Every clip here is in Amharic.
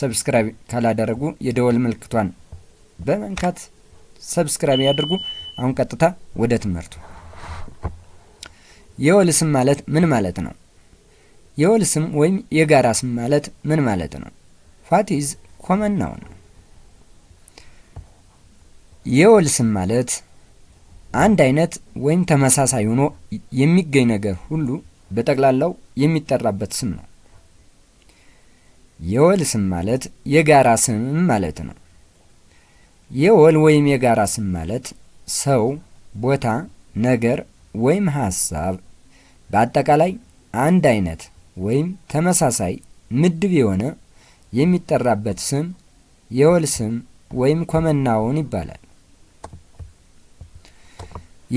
ሰብስክራይብ ካላደረጉ የደወል ምልክቷን በመንካት ሰብስክራይብ ያድርጉ። አሁን ቀጥታ ወደ ትምህርቱ። የወል ስም ማለት ምን ማለት ነው? የወል ስም ወይም የጋራ ስም ማለት ምን ማለት ነው? ፋቲዝ ኮመን ነው። የወል ስም ማለት አንድ አይነት ወይም ተመሳሳይ ሆኖ የሚገኝ ነገር ሁሉ በጠቅላላው የሚጠራበት ስም ነው። የወል ስም ማለት የጋራ ስም ማለት ነው። የወል ወይም የጋራ ስም ማለት ሰው፣ ቦታ፣ ነገር ወይም ሀሳብ በአጠቃላይ አንድ አይነት ወይም ተመሳሳይ ምድብ የሆነ የሚጠራበት ስም የወል ስም ወይም ኮመናውን ይባላል።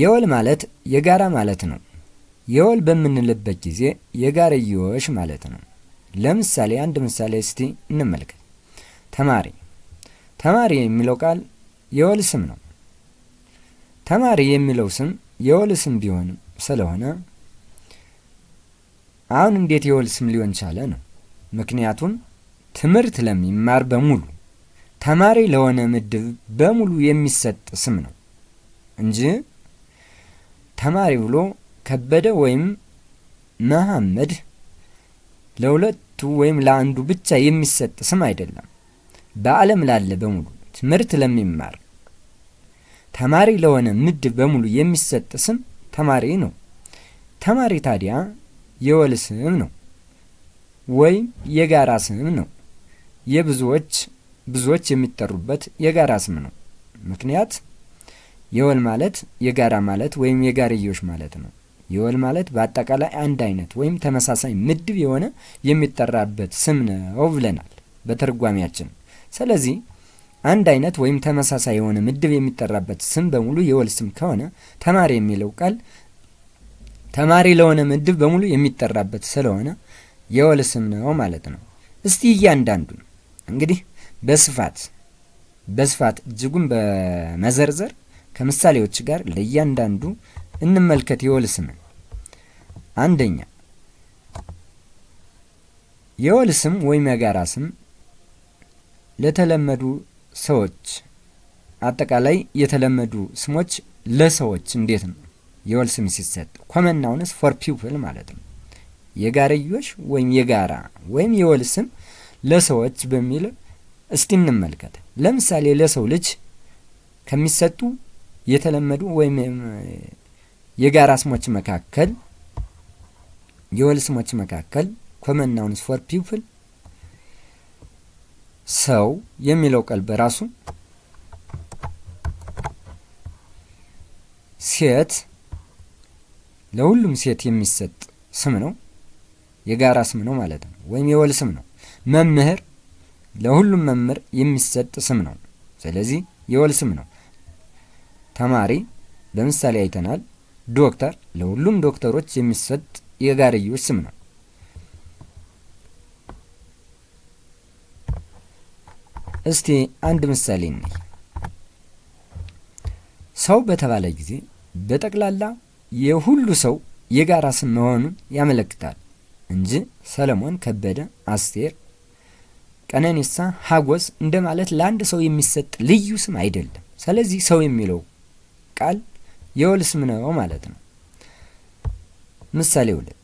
የወል ማለት የጋራ ማለት ነው። የወል በምንልበት ጊዜ የጋርዮሽ ማለት ነው። ለምሳሌ አንድ ምሳሌ እስቲ እንመልከት። ተማሪ ተማሪ የሚለው ቃል የወል ስም ነው። ተማሪ የሚለው ስም የወል ስም ቢሆንም ስለሆነ አሁን እንዴት የወል ስም ሊሆን ቻለ ነው። ምክንያቱም ትምህርት ለሚማር በሙሉ ተማሪ ለሆነ ምድብ በሙሉ የሚሰጥ ስም ነው እንጂ ተማሪ ብሎ ከበደ ወይም መሐመድ ለሁለቱ ወይም ለአንዱ ብቻ የሚሰጥ ስም አይደለም። በዓለም ላለ በሙሉ ትምህርት ለሚማር ተማሪ ለሆነ ምድብ በሙሉ የሚሰጥ ስም ተማሪ ነው። ተማሪ ታዲያ የወል ስም ነው ወይም የጋራ ስም ነው። የብዙዎች ብዙዎች የሚጠሩበት የጋራ ስም ነው። ምክንያት የወል ማለት የጋራ ማለት ወይም የጋርዮሽ ማለት ነው። የወል ማለት በአጠቃላይ አንድ አይነት ወይም ተመሳሳይ ምድብ የሆነ የሚጠራበት ስም ነው ብለናል በተርጓሚያችን። ስለዚህ አንድ አይነት ወይም ተመሳሳይ የሆነ ምድብ የሚጠራበት ስም በሙሉ የወል ስም ከሆነ ተማሪ የሚለው ቃል ተማሪ ለሆነ ምድብ በሙሉ የሚጠራበት ስለሆነ የወል ስም ነው ማለት ነው። እስቲ እያንዳንዱን እንግዲህ በስፋት በስፋት እጅጉን በመዘርዘር ከምሳሌዎች ጋር ለእያንዳንዱ እንመልከት የወል ስምን። አንደኛ የወል ስም ወይም የጋራ ስም ለተለመዱ ሰዎች አጠቃላይ የተለመዱ ስሞች ለሰዎች እንዴት ነው የወል ስም ሲሰጥ? ኮመናውንስ ፎር ፒፕል ማለት ነው። የጋርዮሽ ወይም የጋራ ወይም የወል ስም ለሰዎች በሚል እስቲ እንመልከት። ለምሳሌ ለሰው ልጅ ከሚሰጡ የተለመዱ ወይም የጋራ ስሞች መካከል የወል ስሞች መካከል ኮመን ናውንስ ፎር ፒፕል ሰው የሚለው ቃል በራሱ ሴት ለሁሉም ሴት የሚሰጥ ስም ነው፣ የጋራ ስም ነው ማለት ነው፣ ወይም የወል ስም ነው። መምህር ለሁሉም መምህር የሚሰጥ ስም ነው፣ ስለዚህ የወል ስም ነው። ተማሪ በምሳሌ አይተናል። ዶክተር ለሁሉም ዶክተሮች የሚሰጥ የጋርዮች ስም ነው። እስቲ አንድ ምሳሌ እንይ። ሰው በተባለ ጊዜ በጠቅላላ የሁሉ ሰው የጋራ ስም መሆኑን ያመለክታል እንጂ ሰለሞን ከበደ፣ አስቴር፣ ቀነኒሳ፣ ሀጎስ እንደማለት ለአንድ ሰው የሚሰጥ ልዩ ስም አይደለም። ስለዚህ ሰው የሚለው ቃል የወል ስም ነው ማለት ነው። ምሳሌ ሁለት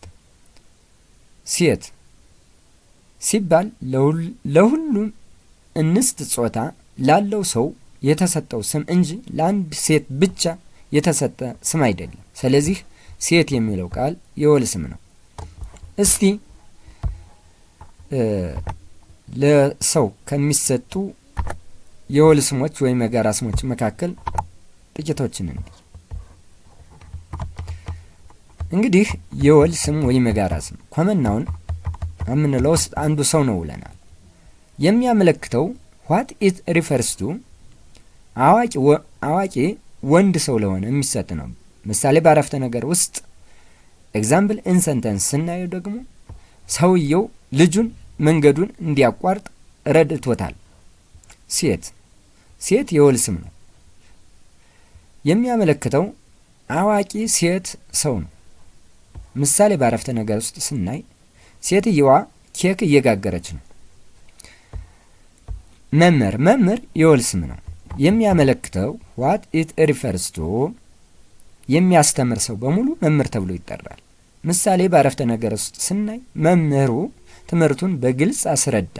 ሴት ሲባል ለሁሉም እንስት ጾታ ላለው ሰው የተሰጠው ስም እንጂ ለአንድ ሴት ብቻ የተሰጠ ስም አይደለም። ስለዚህ ሴት የሚለው ቃል የወል ስም ነው። እስቲ ለሰው ከሚሰጡ የወል ስሞች ወይም የጋራ ስሞች መካከል ጥቂቶችን እንግዲህ የወል ስም ወይም የጋራ ስም ኮመናውን ናውን የምንለው ውስጥ አንዱ ሰው ነው ብለናል። የሚያመለክተው ዋት ኢት ሪፈርስ ቱ አዋቂ ወንድ ሰው ለሆነ የሚሰጥ ነው። ምሳሌ በአረፍተ ነገር ውስጥ ኤግዛምፕል ኢንሰንተንስ ስናየው ደግሞ ሰውየው ልጁን መንገዱን እንዲያቋርጥ ረድቶታል። ሴት ሴት የወል ስም ነው። የሚያመለክተው አዋቂ ሴት ሰው ነው። ምሳሌ ባረፍተ ነገር ውስጥ ስናይ ሴትየዋ ኬክ እየጋገረች ነው። መምህር መምህር የወል ስም ነው የሚያመለክተው ዋት ኢት ሪፈርስ ቱ የሚያስተምር ሰው በሙሉ መምህር ተብሎ ይጠራል። ምሳሌ ባረፍተ ነገር ውስጥ ስናይ መምህሩ ትምህርቱን በግልጽ አስረዳ።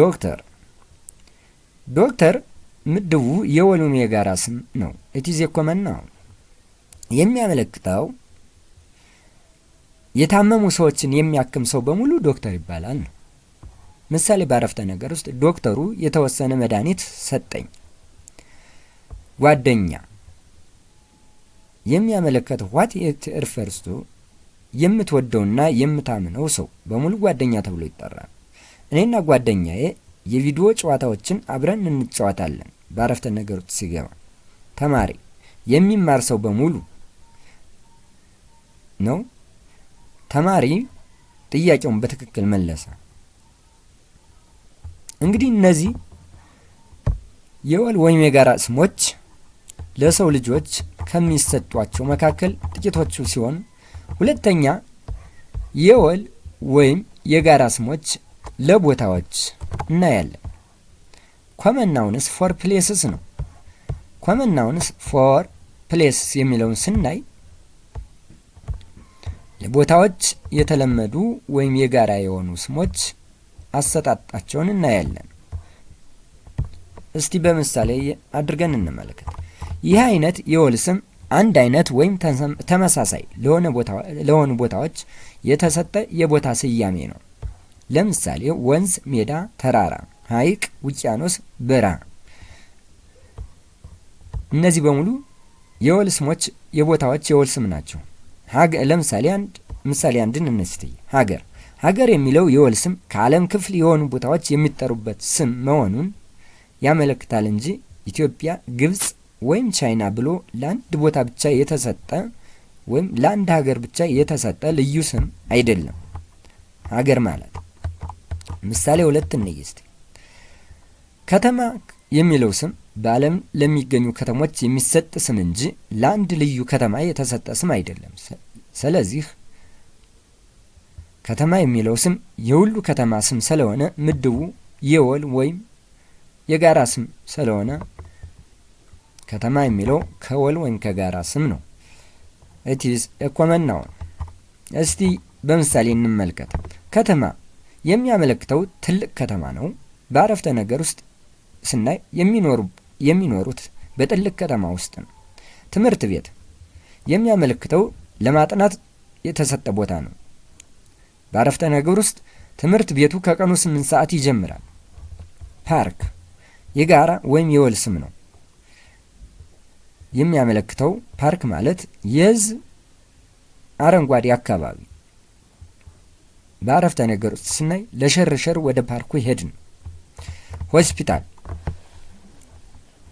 ዶክተር ዶክተር ምድቡ የወሉን የጋራ ስም ነው። ኢትዝ ኮመን ነው የሚያመለክተው የታመሙ ሰዎችን የሚያክም ሰው በሙሉ ዶክተር ይባላል ነው። ምሳሌ ባረፍተ ነገር ውስጥ ዶክተሩ የተወሰነ መድኃኒት ሰጠኝ። ጓደኛ የሚያመለከት ዋት የትርፈርስቱ የምትወደውና የምታምነው ሰው በሙሉ ጓደኛ ተብሎ ይጠራል። እኔና ጓደኛዬ የቪዲዮ ጨዋታዎችን አብረን እንጫወታለን። በአረፍተ ነገር ውስጥ ሲገባ ተማሪ የሚማር ሰው በሙሉ ነው። ተማሪ ጥያቄውን በትክክል መለሰ። እንግዲህ እነዚህ የወል ወይም የጋራ ስሞች ለሰው ልጆች ከሚሰጧቸው መካከል ጥቂቶቹ ሲሆን ሁለተኛ የወል ወይም የጋራ ስሞች ለቦታዎች እናያለን። ኮመን ናውንስ ፎር ፕሌስስ ነው። ኮመን ናውንስ ፎር ፕሌስስ የሚለውን ስናይ ለቦታዎች የተለመዱ ወይም የጋራ የሆኑ ስሞች አሰጣጣቸውን እናያለን። እስቲ በምሳሌ አድርገን እንመለከት። ይህ አይነት የወል ስም አንድ አይነት ወይም ተመሳሳይ ለሆኑ ቦታዎች የተሰጠ የቦታ ስያሜ ነው። ለምሳሌ ወንዝ፣ ሜዳ፣ ተራራ፣ ሐይቅ፣ ውቅያኖስ፣ በረሃ። እነዚህ በሙሉ የወል ስሞች የቦታዎች የወል ስም ናቸው። ለምሳሌ አንድ ምሳሌ አንድን እንስትይ ሀገር ሀገር የሚለው የወል ስም ከዓለም ክፍል የሆኑ ቦታዎች የሚጠሩበት ስም መሆኑን ያመለክታል እንጂ ኢትዮጵያ፣ ግብጽ ወይም ቻይና ብሎ ለአንድ ቦታ ብቻ የተሰጠ ወይም ለአንድ ሀገር ብቻ የተሰጠ ልዩ ስም አይደለም። ሀገር ማለት ምሳሌ ሁለት እንይስት ከተማ የሚለው ስም በዓለም ለሚገኙ ከተሞች የሚሰጥ ስም እንጂ ለአንድ ልዩ ከተማ የተሰጠ ስም አይደለም። ስለዚህ ከተማ የሚለው ስም የሁሉ ከተማ ስም ስለሆነ ምድቡ የወል ወይም የጋራ ስም ስለሆነ ከተማ የሚለው ከወል ወይም ከጋራ ስም ነው። ኢትስ ኮመን እስቲ በምሳሌ እንመልከት። ከተማ የሚያመለክተው ትልቅ ከተማ ነው። በአረፍተ ነገር ውስጥ ስናይ የሚኖሩ የሚኖሩት በትልቅ ከተማ ውስጥ ነው። ትምህርት ቤት የሚያመለክተው ለማጥናት የተሰጠ ቦታ ነው። በአረፍተ ነገር ውስጥ ትምህርት ቤቱ ከቀኑ ስምንት ሰዓት ይጀምራል። ፓርክ የጋራ ወይም የወል ስም ነው። የሚያመለክተው ፓርክ ማለት የዝ አረንጓዴ አካባቢ። በአረፍተ ነገር ውስጥ ስናይ ለሸርሸር ወደ ፓርኩ ሄድን። ሆስፒታል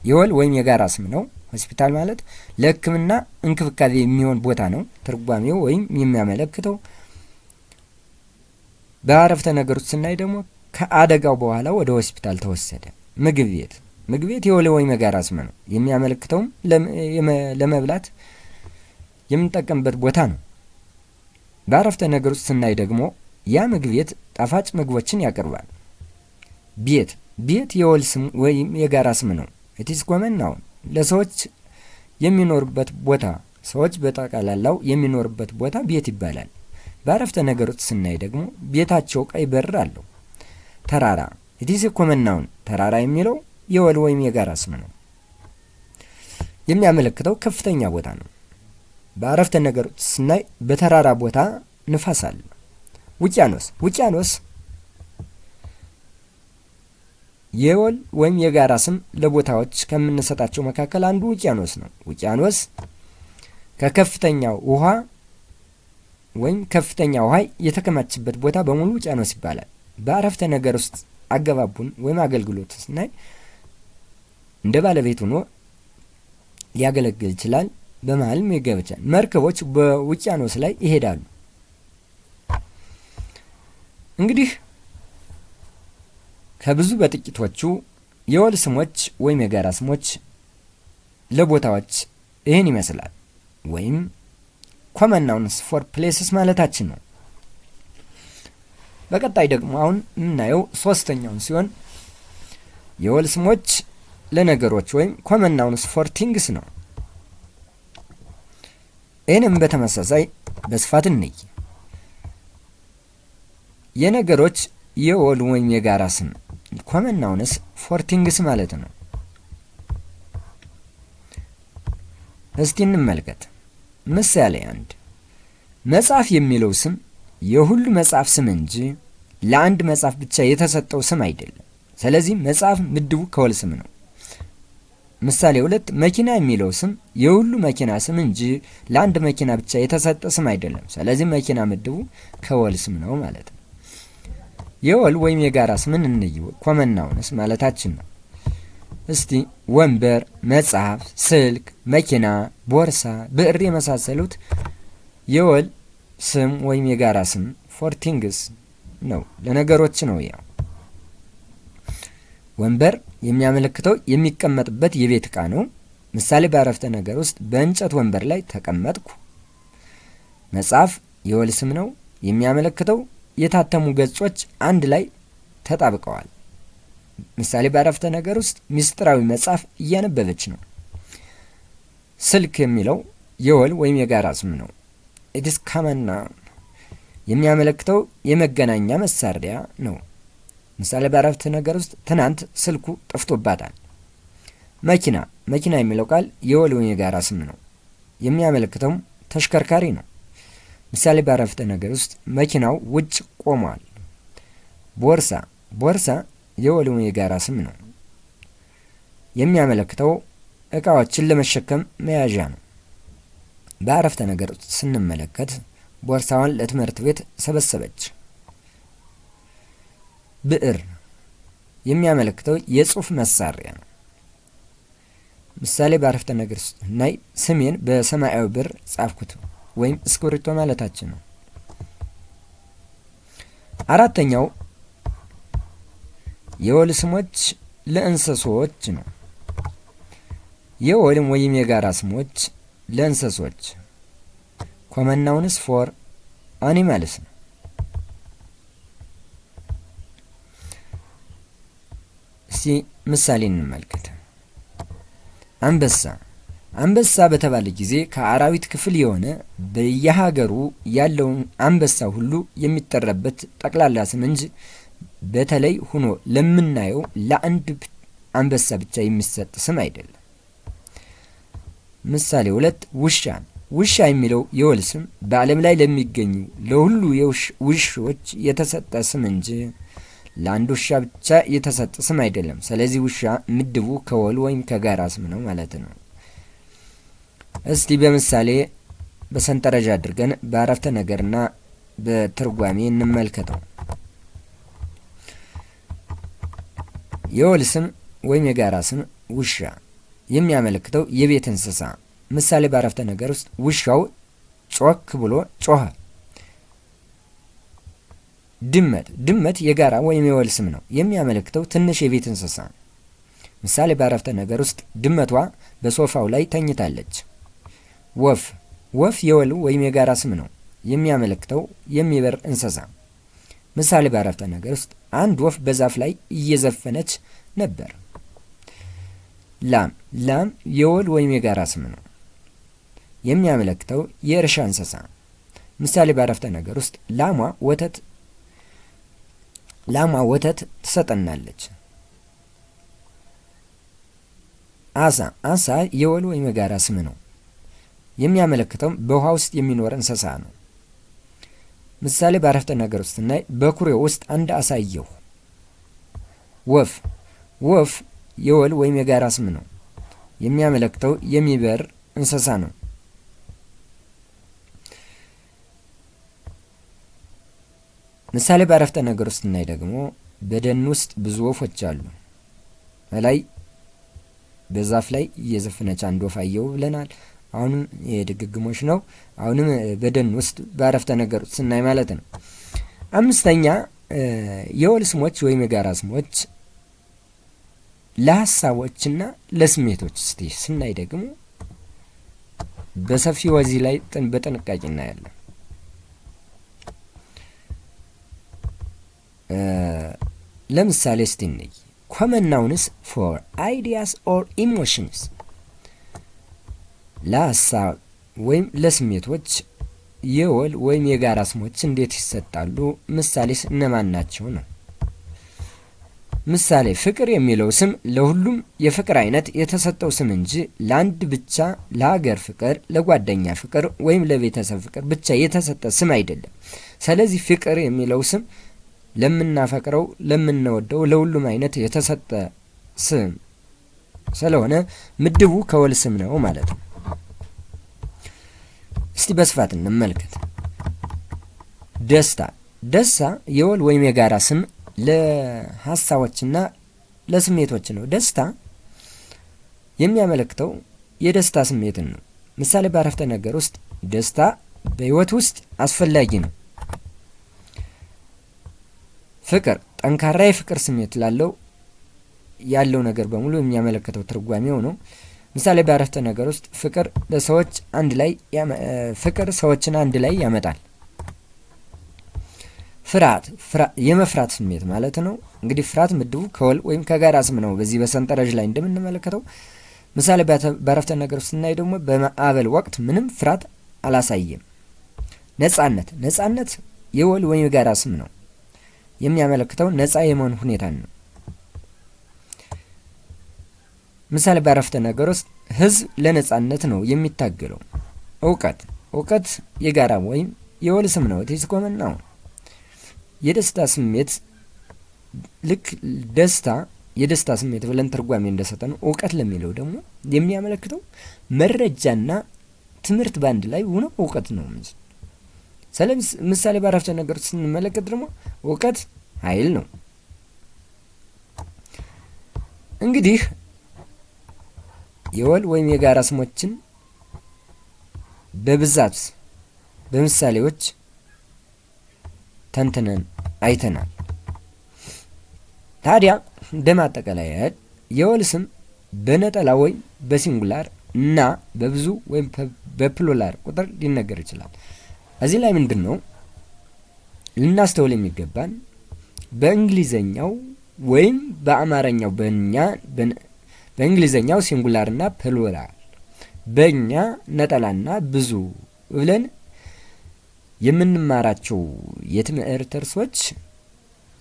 የወል ወይም የጋራ ስም ነው። ሆስፒታል ማለት ለሕክምና እንክብካቤ የሚሆን ቦታ ነው ትርጓሜው ወይም የሚያመለክተው። በአረፍተ ነገር ውስጥ ስናይ ደግሞ ከአደጋው በኋላ ወደ ሆስፒታል ተወሰደ። ምግብ ቤት ምግብ ቤት የወል ወይም የጋራ ስም ነው። የሚያመለክተውም ለመብላት የምንጠቀምበት ቦታ ነው። በአረፍተ ነገር ውስጥ ስናይ ደግሞ ያ ምግብ ቤት ጣፋጭ ምግቦችን ያቀርባል። ቤት ቤት የወል ስም ወይም የጋራ ስም ነው። ኢትስ ኮመን ናውን ለሰዎች የሚኖሩበት ቦታ ሰዎች በጠቅላላው የሚኖሩበት ቦታ ቤት ይባላል። በአረፍተ ነገር ውስጥ ስናይ ደግሞ ቤታቸው ቀይ በር አለው። ተራራ ኢትስ ኮመን ናውን ተራራ የሚለው የወል ወይም የጋራ ስም ነው። የሚያመለክተው ከፍተኛ ቦታ ነው። በአረፍተ ነገር ውስጥ ስናይ በተራራ ቦታ ንፋስ አለ። ውቅያኖስ ውቅያኖስ የወል ወይም የጋራ ስም ለቦታዎች ከምንሰጣቸው መካከል አንዱ ውቅያኖስ ነው። ውቅያኖስ ከከፍተኛው ውሃ ወይም ከፍተኛ ውሃ የተከማችበት ቦታ በሙሉ ውቅያኖስ ይባላል። በአረፍተ ነገር ውስጥ አገባቡን ወይም አገልግሎት ስናይ እንደ ባለቤት ሆኖ ሊያገለግል ይችላል። በመሀልም ይገበቻል። መርከቦች በውቅያኖስ ላይ ይሄዳሉ። እንግዲህ ከብዙ በጥቂቶቹ የወል ስሞች ወይም የጋራ ስሞች ለቦታዎች ይህን ይመስላል ወይም ኮመን ናውንስ ፎር ፕሌስስ ማለታችን ነው። በቀጣይ ደግሞ አሁን የምናየው ሶስተኛውን ሲሆን የወል ስሞች ለነገሮች ወይም ኮመን ናውንስ ፎር ቲንግስ ነው። ይህንም በተመሳሳይ በስፋት እንይ። የነገሮች የወል ወይም የጋራ ስም ኮመን ናውንስ ፎርቲንግስ ማለት ነው። እስቲ እንመልከት። ምሳሌ አንድ መጽሐፍ የሚለው ስም የሁሉ መጽሐፍ ስም እንጂ ለአንድ መጽሐፍ ብቻ የተሰጠው ስም አይደለም። ስለዚህ መጽሐፍ ምድቡ ከወል ስም ነው። ምሳሌ ሁለት መኪና የሚለው ስም የሁሉ መኪና ስም እንጂ ለአንድ መኪና ብቻ የተሰጠ ስም አይደለም። ስለዚህ መኪና ምድቡ ከወል ስም ነው ማለት ነው። የወል ወይም የጋራ ምን እንይ። ኮመናውንስ ማለታችን ነው። እስቲ ወንበር፣ መጽሐፍ፣ ስልክ፣ መኪና፣ ቦርሳ፣ ብዕር የመሳሰሉት የወል ስም ወይም የጋራ ስም ፎርቲንግስ ነው፣ ለነገሮች ነው። ያው ወንበር የሚያመለክተው የሚቀመጥበት የቤት ዕቃ ነው። ምሳሌ በአረፍተ ነገር ውስጥ በእንጨት ወንበር ላይ ተቀመጥኩ። መጽሐፍ የወል ስም ነው የሚያመለክተው የታተሙ ገጾች አንድ ላይ ተጣብቀዋል። ምሳሌ በአረፍተ ነገር ውስጥ ምስጢራዊ መጽሐፍ እያነበበች ነው። ስልክ የሚለው የወል ወይም የጋራ ስም ነው። ኢትስ ካመና የሚያመለክተው የመገናኛ መሳሪያ ነው። ምሳሌ በአረፍተ ነገር ውስጥ ትናንት ስልኩ ጠፍቶባታል። መኪና መኪና የሚለው ቃል የወል ወይም የጋራ ስም ነው። የሚያመለክተውም ተሽከርካሪ ነው። ምሳሌ በአረፍተ ነገር ውስጥ መኪናው ውጭ ቆሟል። ቦርሳ ቦርሳ የወሊሙ የጋራ ስም ነው። የሚያመለክተው እቃዎችን ለመሸከም መያዣ ነው። በአረፍተ ነገር ስንመለከት ቦርሳዋን ለትምህርት ቤት ሰበሰበች። ብዕር የሚያመለክተው የጽሑፍ መሳሪያ ነው። ምሳሌ በአረፍተ ነገር ስናይ ስሜን በሰማያዊ ብዕር ጻፍኩት። ወይም እስክሪብቶ ማለታችን ነው። አራተኛው የወል ስሞች ለእንስሶች ነው። የወልም ወይም የጋራ ስሞች ለእንስሶች ኮመን ናውንስ ፎር አኒማልስ ነው። እስቲ ምሳሌ እንመልከት። አንበሳ አንበሳ በተባለ ጊዜ ከአራዊት ክፍል የሆነ በየሀገሩ ያለውን አንበሳ ሁሉ የሚጠራበት ጠቅላላ ስም እንጂ በተለይ ሆኖ ለምናየው ለአንድ አንበሳ ብቻ የሚሰጥ ስም አይደለም። ምሳሌ ሁለት ውሻ ውሻ የሚለው የወል ስም በዓለም ላይ ለሚገኙ ለሁሉ ውሾች የተሰጠ ስም እንጂ ለአንድ ውሻ ብቻ የተሰጠ ስም አይደለም። ስለዚህ ውሻ ምድቡ ከወል ወይም ከጋራ ስም ነው ማለት ነው። እስቲ በምሳሌ በሰንጠረዥ አድርገን በአረፍተ ነገርና በትርጓሜ እንመልከተው። የወል ስም ወይም የጋራ ስም ውሻ የሚያመለክተው የቤት እንስሳ። ምሳሌ በአረፍተ ነገር ውስጥ ውሻው ጮክ ብሎ ጮኸ። ድመት ድመት የጋራ ወይም የወል ስም ነው፣ የሚያመለክተው ትንሽ የቤት እንስሳ። ምሳሌ በአረፍተ ነገር ውስጥ ድመቷ በሶፋው ላይ ተኝታለች። ወፍ ወፍ የወል ወይም የጋራ ስም ነው፣ የሚያመለክተው የሚበር እንስሳ። ምሳሌ በአረፍተ ነገር ውስጥ አንድ ወፍ በዛፍ ላይ እየዘፈነች ነበር። ላም ላም የወል ወይም የጋራ ስም ነው፣ የሚያመለክተው የእርሻ እንስሳ። ምሳሌ በአረፍተ ነገር ውስጥ ላሟ ወተት ላሟ ወተት ትሰጠናለች። አሳ አሳ የወል ወይም የጋራ ስም ነው የሚያመለክተውም በውሃ ውስጥ የሚኖር እንስሳ ነው። ምሳሌ በአረፍተ ነገር ውስጥ ስናይ በኩሬ ውስጥ አንድ አሳየሁ። ወፍ ወፍ የወል ወይም የጋራ ስም ነው። የሚያመለክተው የሚበር እንስሳ ነው። ምሳሌ በአረፍተ ነገር ውስጥ ስናይ ደግሞ በደን ውስጥ ብዙ ወፎች አሉ። ከላይ በዛፍ ላይ እየዘፈነች አንድ ወፍ አየሁ ብለናል። አሁንም የድግግሞች ነው። አሁንም በደን ውስጥ በአረፍተ ነገር ስናይ ማለት ነው። አምስተኛ የወል ስሞች ወይም የጋራ ስሞች ለሀሳቦችና ለስሜቶች ስ ስናይ ደግሞ በሰፊ ወዚህ ላይ በጥንቃቄ እናያለን። ለምሳሌ እስቲ እንይ ኮመን ናውንስ ፎር አይዲያስ ኦር ኢሞሽንስ ለሀሳብ ወይም ለስሜቶች የወል ወይም የጋራ ስሞች እንዴት ይሰጣሉ? ምሳሌስ እነማን ናቸው ነው። ምሳሌ ፍቅር የሚለው ስም ለሁሉም የፍቅር አይነት የተሰጠው ስም እንጂ ለአንድ ብቻ ለሀገር ፍቅር፣ ለጓደኛ ፍቅር ወይም ለቤተሰብ ፍቅር ብቻ የተሰጠ ስም አይደለም። ስለዚህ ፍቅር የሚለው ስም ለምናፈቅረው፣ ለምንወደው ለሁሉም አይነት የተሰጠ ስም ስለሆነ ምድቡ ከወል ስም ነው ማለት ነው። እስቲ በስፋት እንመልከት። ደስታ ደስታ የወል ወይም የጋራ ስም ለሀሳቦችና ለስሜቶች ነው። ደስታ የሚያመለክተው የደስታ ስሜትን ነው። ምሳሌ በአረፍተ ነገር ውስጥ ደስታ በህይወት ውስጥ አስፈላጊ ነው። ፍቅር ጠንካራ የፍቅር ስሜት ላለው ያለው ነገር በሙሉ የሚያመለክተው ትርጓሜው ነው። ምሳሌ በአረፍተ ነገር ውስጥ ፍቅር ለሰዎች አንድ ላይ ፍቅር ሰዎችን አንድ ላይ ያመጣል። ፍርሃት የመፍራት ስሜት ማለት ነው። እንግዲህ ፍርሃት ምድቡ ከወል ወይም ከጋራ ስም ነው። በዚህ በሰንጠረዥ ላይ እንደምንመለከተው ምሳሌ በአረፍተ ነገር ውስጥ ስናይ ደግሞ በማዕበል ወቅት ምንም ፍርሃት አላሳየም። ነጻነት ነጻነት የወል ወይም የጋራ ስም ነው የሚያመለክተው ነጻ የመሆን ሁኔታን ነው። ምሳሌ በአረፍተ ነገር ውስጥ ህዝብ ለነጻነት ነው የሚታገለው። እውቀት እውቀት የጋራ ወይም የወል ስም ነው። ቴስ ነው። የደስታ ስሜት ልክ ደስታ የደስታ ስሜት ብለን ትርጓሜ እንደሰጠ ነው። እውቀት ለሚለው ደግሞ የሚያመለክተው መረጃና ትምህርት በአንድ ላይ ሆኖ እውቀት ነው። ምሳሌ በአረፍተ ነገር ስንመለከት ደግሞ እውቀት ኃይል ነው። እንግዲህ የወል ወይም የጋራ ስሞችን በብዛት በምሳሌዎች ተንትነን አይተናል። ታዲያ እንደማጠቃለያ የወል ስም በነጠላ ወይም በሲንጉላር እና በብዙ ወይም በፕሉላር ቁጥር ሊነገር ይችላል። እዚህ ላይ ምንድን ነው ልናስተውል የሚገባን በእንግሊዘኛው ወይም በአማርኛው በእኛ በእንግሊዘኛው ሲንጉላርና ፕሉራል፣ በእኛ ነጠላና ብዙ ብለን የምንማራቸው የትምህርት እርሶች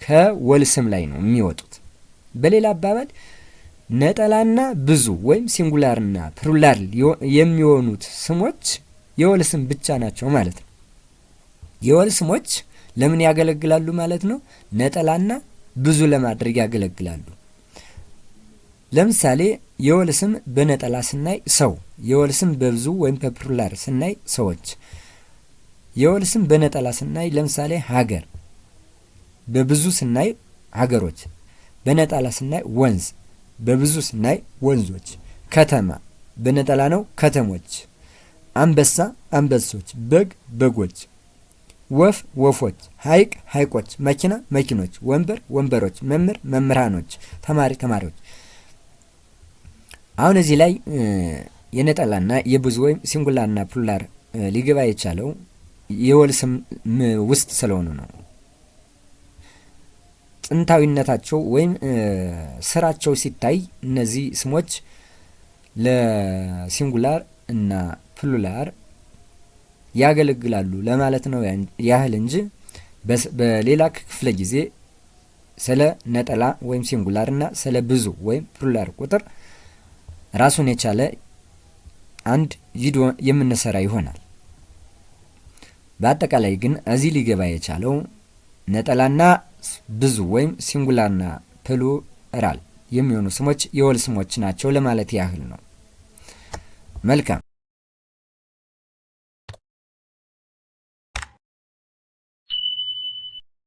ከወል ስም ላይ ነው የሚወጡት። በሌላ አባባል ነጠላና ብዙ ወይም ሲንጉላርና ፕሉራል የሚሆኑት ስሞች የወል ስም ብቻ ናቸው ማለት ነው። የወል ስሞች ለምን ያገለግላሉ ማለት ነው? ነጠላና ብዙ ለማድረግ ያገለግላሉ። ለምሳሌ የወል ስም በነጠላ ስናይ ሰው፣ የወል ስም በብዙ ወይም በፕሉራል ስናይ ሰዎች፣ የወል ስም በነጠላ ስናይ ለምሳሌ ሀገር፣ በብዙ ስናይ ሀገሮች፣ በነጠላ ስናይ ወንዝ፣ በብዙ ስናይ ወንዞች፣ ከተማ በነጠላ ነው ከተሞች፣ አንበሳ አንበሶች፣ በግ በጎች፣ ወፍ ወፎች፣ ሀይቅ ሀይቆች መኪና መኪኖች፣ ወንበር ወንበሮች፣ መምህር መምህራኖች፣ ተማሪ ተማሪዎች አሁን እዚህ ላይ የነጠላና የብዙ ወይም ሲንጉላርና ፕሉላር ሊገባ የቻለው የወል ስም ውስጥ ስለሆኑ ነው። ጥንታዊነታቸው ወይም ስራቸው ሲታይ እነዚህ ስሞች ለሲንጉላር እና ፕሉላር ያገለግላሉ ለማለት ነው ያህል እንጂ በሌላ ክፍለ ጊዜ ስለ ነጠላ ወይም ሲንጉላር እና ስለ ብዙ ወይም ፕሉላር ቁጥር ራሱን የቻለ አንድ ቪዲዮ የምንሰራ ይሆናል። በአጠቃላይ ግን እዚህ ሊገባ የቻለው ነጠላና ብዙ ወይም ሲንጉላርና ፕሉራል የሚሆኑ ስሞች የወል ስሞች ናቸው ለማለት ያህል ነው። መልካም